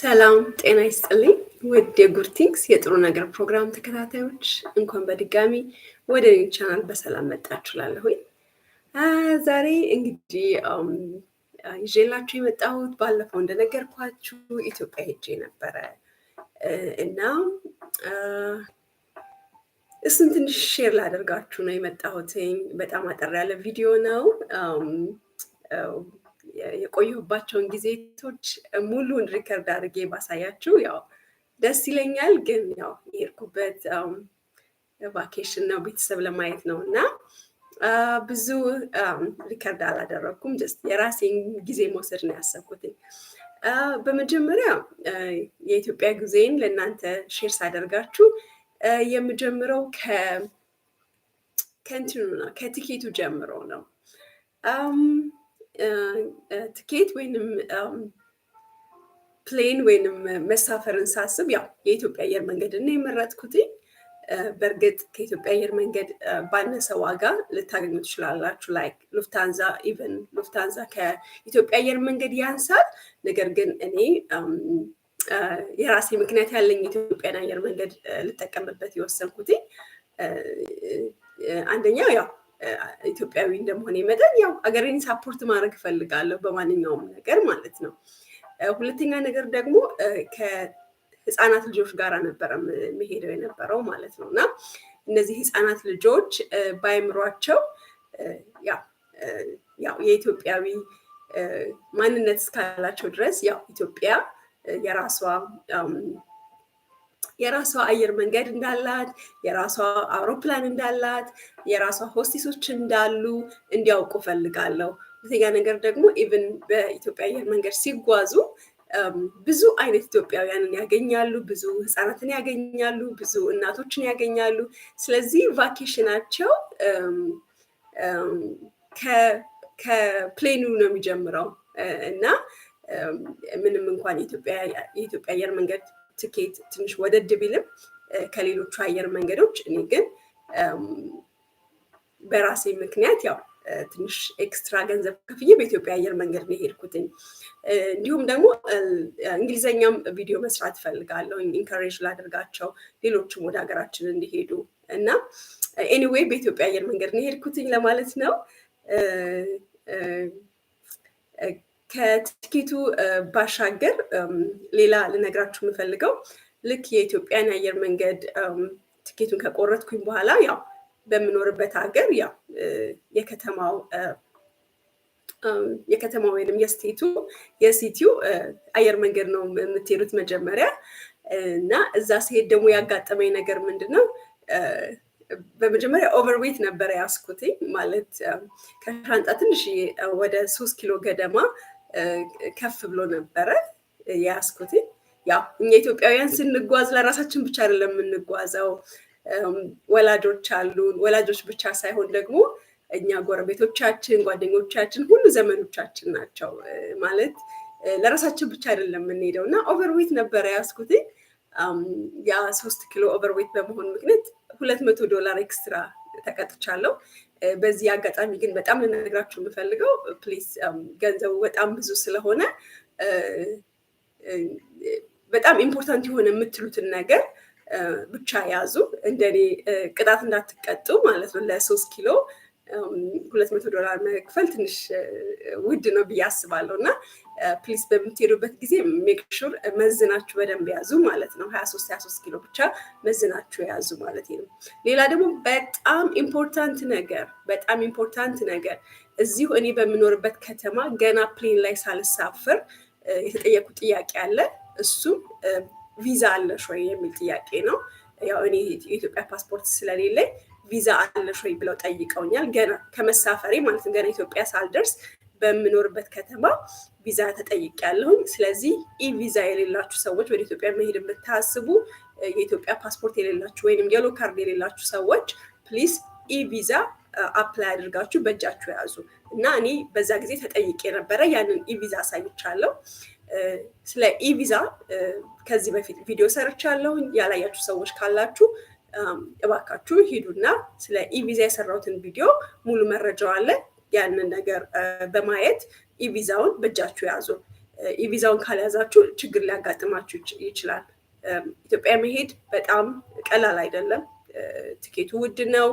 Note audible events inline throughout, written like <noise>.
ሰላም ጤና ይስጥልኝ። ውድ የጉርቲንግስ የጥሩ ነገር ፕሮግራም ተከታታዮች እንኳን በድጋሚ ወደ ቻናል በሰላም መጣችሁ እላለሁኝ። ዛሬ እንግዲህ ይዤላችሁ የመጣሁት ባለፈው እንደነገርኳችሁ ኢትዮጵያ ሄጄ ነበረ እና እሱን ትንሽ ሼር ላደርጋችሁ ነው የመጣሁትኝ። በጣም አጠር ያለ ቪዲዮ ነው። የቆየሁባቸውን ጊዜቶች ሙሉን ሪከርድ አድርጌ ባሳያችሁ ያው ደስ ይለኛል። ግን ያው የሄድኩበት ቫኬሽን ነው፣ ቤተሰብ ለማየት ነው እና ብዙ ሪከርድ አላደረግኩም። ጀስት የራሴን ጊዜ መውሰድ ነው ያሰብኩትኝ። በመጀመሪያ የኢትዮጵያ ጊዜን ለእናንተ ሼር ሳደርጋችሁ የምጀምረው ከእንትኑ ነው ከትኬቱ ጀምሮ ነው። ትኬት ወይንም ፕሌን ወይንም መሳፈርን ሳስብ ያው የኢትዮጵያ አየር መንገድ እና የመረጥኩትኝ። በእርግጥ ከኢትዮጵያ አየር መንገድ ባነሰ ዋጋ ልታገኙ ትችላላችሁ። ላይክ ሉፍታንዛ ኢቨን ሉፍታንዛ ከኢትዮጵያ አየር መንገድ ያንሳል። ነገር ግን እኔ የራሴ ምክንያት ያለኝ ኢትዮጵያን አየር መንገድ ልጠቀምበት የወሰንኩት አንደኛው ያው ኢትዮጵያዊ እንደመሆኔ መጠን ያው አገሬን ሳፖርት ማድረግ እፈልጋለሁ በማንኛውም ነገር ማለት ነው። ሁለተኛ ነገር ደግሞ ከህፃናት ልጆች ጋር ነበረ መሄደው የነበረው ማለት ነው እና እነዚህ ህፃናት ልጆች ባይምሯቸው ያው የኢትዮጵያዊ ማንነት እስካላቸው ድረስ ያው ኢትዮጵያ የራሷ የራሷ አየር መንገድ እንዳላት፣ የራሷ አውሮፕላን እንዳላት፣ የራሷ ሆስቲሶች እንዳሉ እንዲያውቁ ፈልጋለሁ። ሁለተኛ ነገር ደግሞ ኢቭን በኢትዮጵያ አየር መንገድ ሲጓዙ ብዙ አይነት ኢትዮጵያውያንን ያገኛሉ፣ ብዙ ህፃናትን ያገኛሉ፣ ብዙ እናቶችን ያገኛሉ። ስለዚህ ቫኬሽናቸው ከፕሌኑ ነው የሚጀምረው እና ምንም እንኳን የኢትዮጵያ አየር መንገድ ትኬት ትንሽ ወደድ ቢልም ከሌሎቹ አየር መንገዶች እኔ ግን በራሴ ምክንያት ያው ትንሽ ኤክስትራ ገንዘብ ከፍዬ በኢትዮጵያ አየር መንገድ ነው የሄድኩትኝ። እንዲሁም ደግሞ እንግሊዘኛም ቪዲዮ መስራት እፈልጋለሁ፣ ኢንካሬጅ ላደርጋቸው ሌሎችም ወደ ሀገራችን እንዲሄዱ እና ኤኒዌይ በኢትዮጵያ አየር መንገድ ነው የሄድኩትኝ ለማለት ነው። ከትኬቱ ባሻገር ሌላ ልነግራችሁ የምፈልገው ልክ የኢትዮጵያን የአየር መንገድ ትኬቱን ከቆረጥኩኝ በኋላ ያው በምኖርበት ሀገር ያው የከተማው የከተማ ወይም የስቴቱ የሲቲው አየር መንገድ ነው የምትሄዱት መጀመሪያ እና እዛ ሲሄድ ደግሞ ያጋጠመኝ ነገር ምንድን ነው? በመጀመሪያ ኦቨርዌት ነበረ ያስኩትኝ ማለት ከሻንጣ ትንሽ ወደ ሶስት ኪሎ ገደማ ከፍ ብሎ ነበረ የያስኩት። ያ እኛ ኢትዮጵያውያን ስንጓዝ ለራሳችን ብቻ አይደለም የምንጓዘው፣ ወላጆች አሉን። ወላጆች ብቻ ሳይሆን ደግሞ እኛ ጎረቤቶቻችን፣ ጓደኞቻችን ሁሉ ዘመዶቻችን ናቸው። ማለት ለራሳችን ብቻ አይደለም የምንሄደው እና ኦቨርዌት ነበረ ያስኩት። ያ ሶስት ኪሎ ኦቨርዌት በመሆን ምክንያት ሁለት መቶ ዶላር ኤክስትራ ተቀጥቻለሁ። በዚህ አጋጣሚ ግን በጣም ልነግራችሁ የምፈልገው ፕሊስ ገንዘቡ በጣም ብዙ ስለሆነ በጣም ኢምፖርታንት የሆነ የምትሉትን ነገር ብቻ ያዙ። እንደኔ ቅጣት እንዳትቀጡ ማለት ነው። ለሶስት ኪሎ ሁለት መቶ ዶላር መክፈል ትንሽ ውድ ነው ብዬ አስባለሁ እና ፕሊስ በምትሄዱበት ጊዜ ሜክሹር መዝናችሁ በደንብ ያዙ ማለት ነው። ሀያ ሶስት ሀያ ሶስት ኪሎ ብቻ መዝናችሁ የያዙ ማለት ነው። ሌላ ደግሞ በጣም ኢምፖርታንት ነገር በጣም ኢምፖርታንት ነገር እዚሁ እኔ በምኖርበት ከተማ ገና ፕሌን ላይ ሳልሳፍር የተጠየቁ ጥያቄ አለ። እሱም ቪዛ አለሽ ወይ የሚል ጥያቄ ነው። ያው እኔ የኢትዮጵያ ፓስፖርት ስለሌለኝ ቪዛ አለሽ ወይ ብለው ጠይቀውኛል። ገና ከመሳፈሬ ማለት ነው። ገና ኢትዮጵያ ሳልደርስ በምኖርበት ከተማ ቪዛ ተጠይቅ ተጠይቄያለሁኝ። ስለዚህ ኢ ቪዛ የሌላችሁ ሰዎች ወደ ኢትዮጵያ መሄድ የምታስቡ የኢትዮጵያ ፓስፖርት የሌላችሁ ወይም የሎ ካርድ የሌላችሁ ሰዎች ፕሊስ ኢ ቪዛ አፕላይ አድርጋችሁ በእጃችሁ የያዙ እና እኔ በዛ ጊዜ ተጠይቄ የነበረ ያንን ኢቪዛ አሳይቻለሁ። ስለ ኢቪዛ ከዚህ በፊት ቪዲዮ ሰርቻለሁ። ያላያችሁ ሰዎች ካላችሁ እባካችሁ ሂዱና ስለ ኢቪዛ የሰራሁትን ቪዲዮ ሙሉ መረጃው አለ ያንን ነገር በማየት ኢቪዛውን በእጃችሁ ያዙ። ኢቪዛውን ካልያዛችሁ ችግር ሊያጋጥማችሁ ይችላል። ኢትዮጵያ መሄድ በጣም ቀላል አይደለም። ትኬቱ ውድ ነው።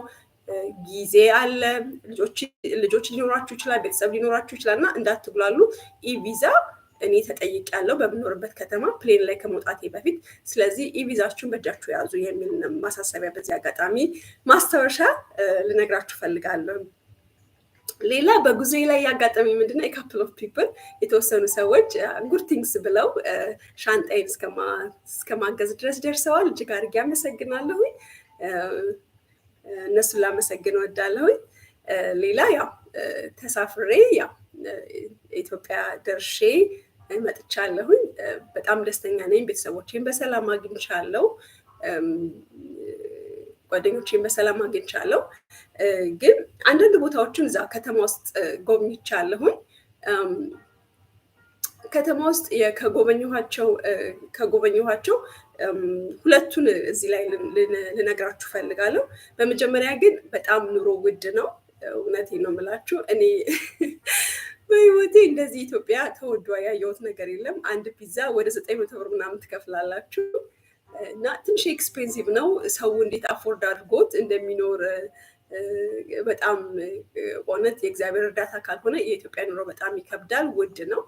ጊዜ አለ። ልጆች ሊኖራችሁ ይችላል። ቤተሰብ ሊኖራችሁ ይችላል እና እንዳትጉላሉ። ኢቪዛ እኔ ተጠይቅ ያለው በምኖርበት ከተማ ፕሌን ላይ ከመውጣቴ በፊት ስለዚህ ኢቪዛችሁን በእጃችሁ ያዙ የሚል ማሳሰቢያ በዚህ አጋጣሚ ማስታወሻ ልነግራችሁ ፈልጋለሁ። ሌላ በጉዞ ላይ ያጋጠሚ ምንድነው የካፕል ኦፍ ፒፕል የተወሰኑ ሰዎች ጉድ uh, ቲንግስ ብለው uh, ሻንጣይን እስከማገዝ ድረስ ደርሰዋል። እጅግ አድርጌ አመሰግናለሁኝ። uh, እነሱን ላመሰግን ወዳለሁ። ሌላ ያው ተሳፍሬ ያው ኢትዮጵያ ደርሼ መጥቻለሁኝ። በጣም ደስተኛ ነኝ። ቤተሰቦቼን በሰላም አግኝቻለሁ። um, ጓደኞቼን በሰላም አግኝቻለሁ። ግን አንዳንድ ቦታዎችን እዛ ከተማ ውስጥ ጎብኝቻለሁኝ። ከተማ ውስጥ ከጎበኘኋቸው ከጎበኘኋቸው ሁለቱን እዚህ ላይ ልነግራችሁ እፈልጋለሁ። በመጀመሪያ ግን በጣም ኑሮ ውድ ነው። እውነቴ ነው የምላችሁ እኔ <laughs> በህይወቴ እንደዚህ ኢትዮጵያ ተወዷ ያየሁት ነገር የለም። አንድ ፒዛ ወደ ዘጠኝ መቶ ብር ምናምን ትከፍላላችሁ። እና ትንሽ ኤክስፔንሲቭ ነው። ሰው እንዴት አፎርድ አድርጎት እንደሚኖር በጣም እውነት የእግዚአብሔር እርዳታ ካልሆነ የኢትዮጵያ ኑሮ በጣም ይከብዳል፣ ውድ ነው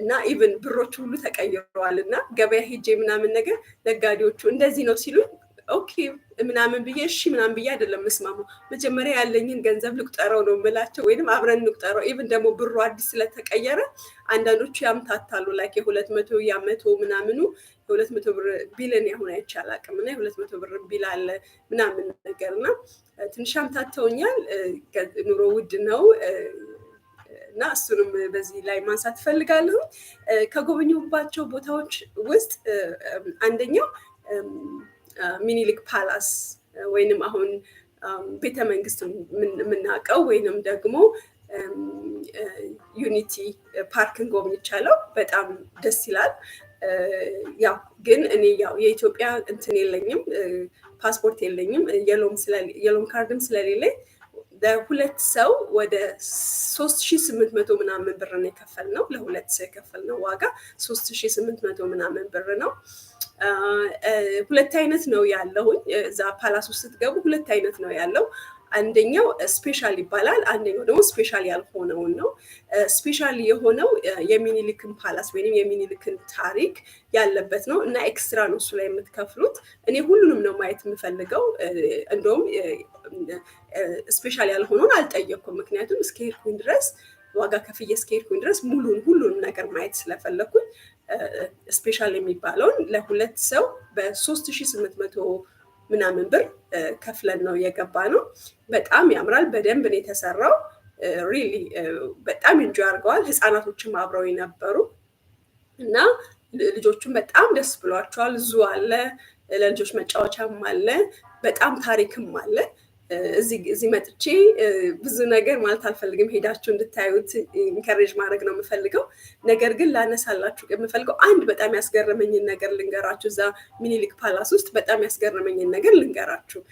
እና ኢቨን ብሮች ሁሉ ተቀይረዋል። እና ገበያ ሄጄ ምናምን ነገር ነጋዴዎቹ እንደዚህ ነው ሲሉኝ ኦኬ ምናምን ብዬ እሺ ምናምን ብዬ አይደለም የምስማማው። መጀመሪያ ያለኝን ገንዘብ ልቁጠረው ነው ምላቸው፣ ወይም አብረን እንቁጠረው። ኢቭን ደግሞ ብሩ አዲስ ስለተቀየረ አንዳንዶቹ ያምታታሉ። ላይክ የሁለት መቶ ያመቶ ምናምኑ የሁለት መቶ ብር ቢልን ያሁን አይቻል አቅም እና የሁለት መቶ ብር ቢል አለ ምናምን ነገር እና ትንሽ ያምታተውኛል። ኑሮ ውድ ነው እና እሱንም በዚህ ላይ ማንሳት እፈልጋለሁ። ከጎበኙባቸው ቦታዎች ውስጥ አንደኛው ሚኒሊክ ፓላስ ወይንም አሁን ቤተ መንግስት የምናውቀው ወይንም ደግሞ ዩኒቲ ፓርክን ጎብኝቻለሁ። በጣም ደስ ይላል። ያው ግን እኔ ያው የኢትዮጵያ እንትን የለኝም፣ ፓስፖርት የለኝም፣ የሎም ካርድም ስለሌለኝ ለሁለት ሰው ወደ ሶስት ሺ ስምንት መቶ ምናምን ብር ነው የከፈልነው። ለሁለት ሰው የከፈልነው ዋጋ ሶስት ሺ ስምንት መቶ ምናምን ብር ነው። ሁለት አይነት ነው ያለሁኝ። እዛ ፓላስ ውስጥ ስትገቡ ሁለት አይነት ነው ያለው። አንደኛው ስፔሻል ይባላል። አንደኛው ደግሞ ስፔሻል ያልሆነውን ነው። ስፔሻል የሆነው የሚኒሊክን ፓላስ ወይም የሚኒሊክን ታሪክ ያለበት ነው እና ኤክስትራ ነው እሱ ላይ የምትከፍሉት። እኔ ሁሉንም ነው ማየት የምፈልገው። እንደውም ስፔሻል ያልሆነውን አልጠየቅኩም፣ ምክንያቱም እስከሄድኩኝ ድረስ ዋጋ ከፍዬ እስከ ድረስ ሙሉን ሁሉንም ነገር ማየት ስለፈለግኩኝ ስፔሻል የሚባለውን ለሁለት ሰው በሶስት ሺ ስምንት መቶ ምናምን ብር ከፍለን ነው የገባ ነው። በጣም ያምራል። በደንብ ነው የተሰራው። ሪሊ በጣም እንጆ አድርገዋል። ህፃናቶችም አብረው የነበሩ እና ልጆቹም በጣም ደስ ብሏቸዋል። ዙ አለ፣ ለልጆች መጫወቻም አለ፣ በጣም ታሪክም አለ። እዚህ መጥቼ ብዙ ነገር ማለት አልፈልግም። ሄዳችሁ እንድታዩት ኢንከሬጅ ማድረግ ነው የምፈልገው። ነገር ግን ላነሳላችሁ የምፈልገው አንድ በጣም ያስገረመኝን ነገር ልንገራችሁ። እዛ ሚኒሊክ ፓላስ ውስጥ በጣም ያስገረመኝን ነገር ልንገራችሁ።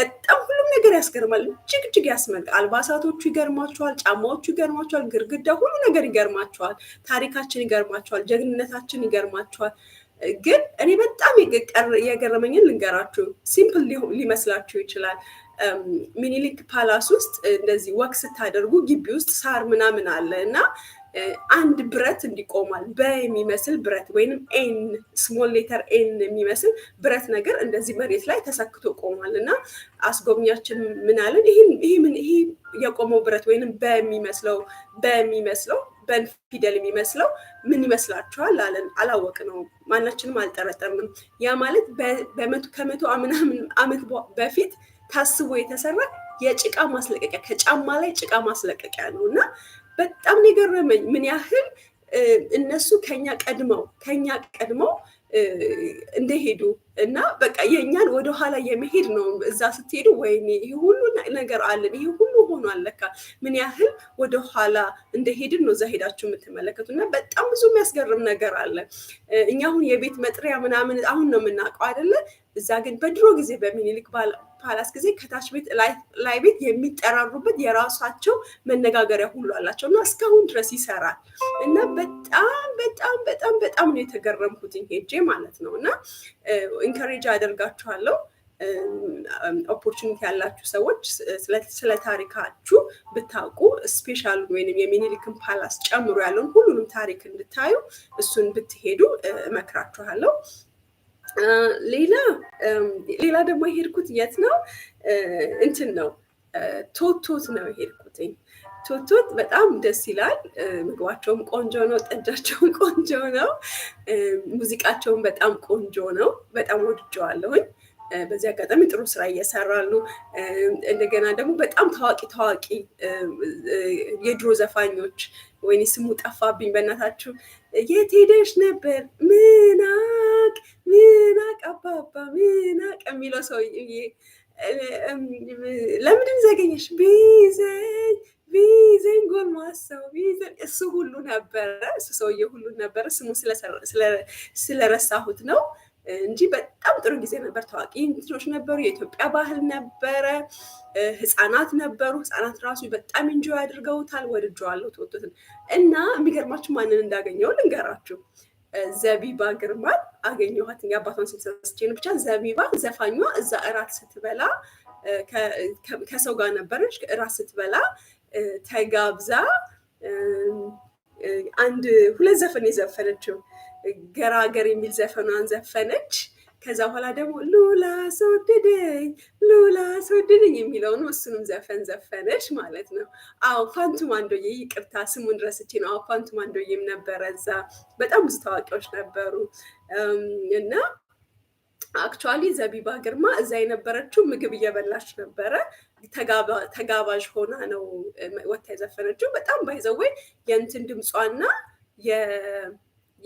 በጣም ሁሉም ነገር ያስገርማል። እጅግ እጅግ ያስመልቅ አልባሳቶቹ ይገርማችኋል፣ ጫማዎቹ ይገርማችኋል፣ ግርግዳ ሁሉ ነገር ይገርማችኋል፣ ታሪካችን ይገርማችኋል፣ ጀግንነታችን ይገርማችኋል። ግን እኔ በጣም የገረመኝን ልንገራችሁ። ሲምፕል ሊመስላችሁ ይችላል ሚኒሊክ ፓላስ ውስጥ እንደዚህ ወቅ ስታደርጉ ግቢ ውስጥ ሳር ምናምን አለ እና አንድ ብረት እንዲቆማል በ የሚመስል ብረት ወይም ኤን ስሞል ሌተር ኤን የሚመስል ብረት ነገር እንደዚህ መሬት ላይ ተሰክቶ ቆሟል እና አስጎብኛችን ምናለን ይህ የቆመው ብረት ወይም በ የሚመስለው በ የሚመስለው በን ፊደል የሚመስለው ምን ይመስላችኋል አለን። አላወቅ ነው ማናችንም አልጠረጠርንም። ያ ማለት ከመቶ ምናምን ዓመት በፊት ታስቦ የተሰራ የጭቃ ማስለቀቂያ ከጫማ ላይ ጭቃ ማስለቀቂያ ነው እና በጣም ነው የገረመኝ ምን ያህል እነሱ ከኛ ቀድመው ከኛ ቀድመው እንደሄዱ እና በቃ የእኛን ወደኋላ የመሄድ ነው። እዛ ስትሄዱ ወይኔ ይሄ ሁሉ ነገር አለን ይሄ ሁሉ ሆኖ አለካ ምን ያህል ወደኋላ እንደሄድን ነው እዛ ሄዳችሁ የምትመለከቱ እና በጣም ብዙ የሚያስገርም ነገር አለ። እኛ አሁን የቤት መጥሪያ ምናምን አሁን ነው የምናውቀው አይደለ? እዛ ግን በድሮ ጊዜ በሚኒሊክ ፓላስ ጊዜ ከታች ቤት ላይ ቤት የሚጠራሩበት የራሳቸው መነጋገሪያ ሁሉ አላቸው እና እስካሁን ድረስ ይሰራል እና በጣም በጣም ነው የተገረምኩትኝ ሄጄ ማለት ነው። እና ኢንከሬጅ አደርጋችኋለሁ ኦፖርቹኒቲ ያላችሁ ሰዎች ስለ ታሪካችሁ ብታውቁ ስፔሻል ወይም የሚኒሊክን ፓላስ ጨምሮ ያለውን ሁሉንም ታሪክ እንድታዩ እሱን ብትሄዱ እመክራችኋለሁ። ሌላ ሌላ ደግሞ የሄድኩት የት ነው? እንትን ነው ቶቶት ነው የሄድኩትኝ ቶቶት በጣም ደስ ይላል። ምግባቸውም ቆንጆ ነው፣ ጠጃቸውም <laughs> ቆንጆ ነው፣ ሙዚቃቸውም በጣም ቆንጆ ነው። በጣም ወድጀዋለሁኝ። በዚህ አጋጣሚ ጥሩ ስራ እየሰራሉ። እንደገና ደግሞ በጣም ታዋቂ ታዋቂ የድሮ ዘፋኞች ወይኔ ስሙ ጠፋብኝ፣ በእናታችሁ የት ሄደሽ ነበር ምናቅ ምናቅ አባባ ምናቅ የሚለው ሰውዬ ለምንድን ዘገኘሽ ቢዘኝ ቪዘን ጎል ማሰው ቪዘን እሱ ሁሉ ነበረ። እሱ ሰውዬ ሁሉ ነበረ። ስሙ ስለረሳሁት ነው እንጂ በጣም ጥሩ ጊዜ ነበር። ታዋቂ እንትኖች ነበሩ። የኢትዮጵያ ባህል ነበረ። ህፃናት ነበሩ። ህፃናት ራሱ በጣም እንጆ ያድርገውታል። ወድጀዋለሁ። ተወጡትን እና የሚገርማችሁ ማንን እንዳገኘው ልንገራችሁ። ዘቢባ ግርማን አገኘኋት። የአባቷን ስም ብቻ ዘቢባ ዘፋኟ እዛ እራት ስትበላ ከሰው ጋር ነበረች። እራት ስትበላ ተጋብዛ አንድ ሁለት ዘፈን የዘፈነችው ገራገር የሚል ዘፈኗን ዘፈነች። ከዛ በኋላ ደግሞ ሉላ ስወደደኝ ሉላ ስወደደኝ የሚለውን እሱንም ዘፈን ዘፈነች ማለት ነው። አዎ ፋንቱም አንዶዬ፣ ይቅርታ ስሙን ረስቼ ነው። አዎ ፋንቱም አንዶዬም ነበረ እዛ። በጣም ብዙ ታዋቂዎች ነበሩ እና አክቹዋሊ ዘቢባ ግርማ እዛ የነበረችው ምግብ እየበላች ነበረ። ተጋባዥ ሆና ነው ወታ የዘፈነችው። በጣም ባይዘወይ የእንትን ድምጿና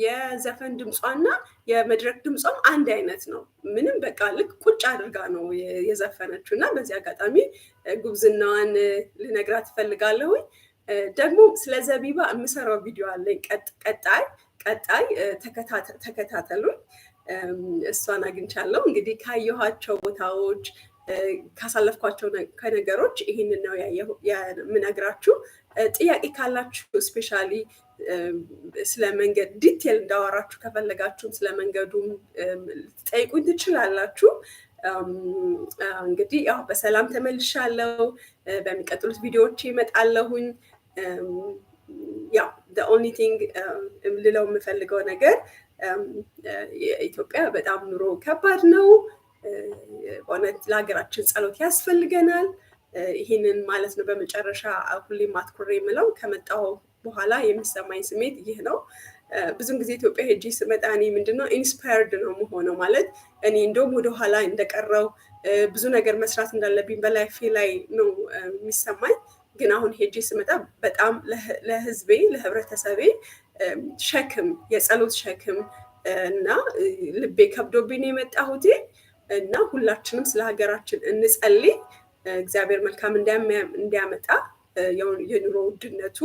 የዘፈን ድምጿና የመድረክ ድምጿም አንድ አይነት ነው። ምንም በቃ ልክ ቁጭ አድርጋ ነው የዘፈነችው እና በዚህ አጋጣሚ ጉብዝናዋን ልነግራት እፈልጋለሁኝ። ደግሞ ስለ ዘቢባ የምሰራው ቪዲዮ አለኝ። ቀጣይ ቀጣይ ተከታተሉኝ። እሷን አግኝቻለሁ። እንግዲህ ካየኋቸው ቦታዎች ካሳለፍኳቸው ከነገሮች ይህንን ነው የምነግራችሁ። ጥያቄ ካላችሁ እስፔሻሊ ስለ መንገድ ዲቴል እንዳወራችሁ ከፈለጋችሁም ስለ መንገዱም ልትጠይቁኝ ትችላላችሁ። እንግዲህ ያው በሰላም ተመልሻለሁ። በሚቀጥሉት ቪዲዮዎች ይመጣለሁኝ። ያው ኦንሊ ቲንግ ልለው የምፈልገው ነገር የኢትዮጵያ በጣም ኑሮ ከባድ ነው። እውነት ለሀገራችን ጸሎት ያስፈልገናል። ይህንን ማለት ነው። በመጨረሻ ሁሌም አትኩሬ የምለው ከመጣሁ በኋላ የሚሰማኝ ስሜት ይህ ነው። ብዙን ጊዜ ኢትዮጵያ ሄጂ ስመጣ እኔ ምንድነው ኢንስፓየርድ ነው መሆነው ማለት እኔ እንደውም ወደኋላ እንደቀረው ብዙ ነገር መስራት እንዳለብኝ በላይፌ ላይ ነው የሚሰማኝ። ግን አሁን ሄጂ ስመጣ በጣም ለህዝቤ ለህብረተሰቤ ሸክም የጸሎት ሸክም እና ልቤ ከብዶብኝ የመጣሁት እና ሁላችንም ስለ ሀገራችን እንጸልይ። እግዚአብሔር መልካም እንዲያመጣ የኑሮ ውድነቱ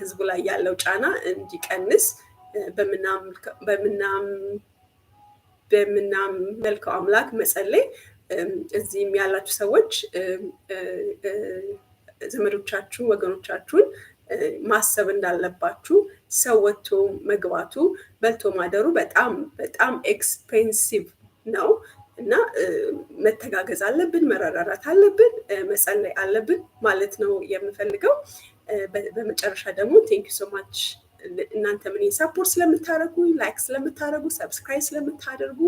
ህዝቡ ላይ ያለው ጫና እንዲቀንስ በምናመልከው አምላክ መጸለይ። እዚህም ያላችሁ ሰዎች ዘመዶቻችሁን፣ ወገኖቻችሁን ማሰብ እንዳለባችሁ ሰው ወጥቶ መግባቱ በልቶ ማደሩ በጣም በጣም ኤክስፔንሲቭ ነው እና መተጋገዝ አለብን፣ መረራራት አለብን፣ መጸለይ አለብን ማለት ነው የምፈልገው። በመጨረሻ ደግሞ ቴንክ ዩ ሶ ማች እናንተ ምን ሳፖርት ስለምታደርጉ፣ ላይክ ስለምታደርጉ፣ ሰብስክራይብ ስለምታደርጉ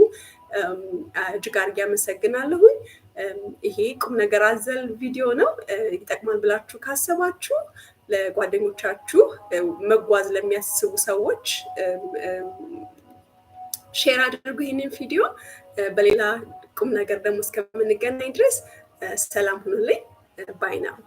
እጅጋርጌ አድርጌ አመሰግናለሁኝ። ይሄ ቁም ነገር አዘል ቪዲዮ ነው። ይጠቅማል ብላችሁ ካሰባችሁ ለጓደኞቻችሁ፣ መጓዝ ለሚያስቡ ሰዎች ሼር አድርጉ ይህንን ቪዲዮ። በሌላ ቁም ነገር ደግሞ እስከምንገናኝ ድረስ ሰላም ሁኑልኝ። ባይ ነው።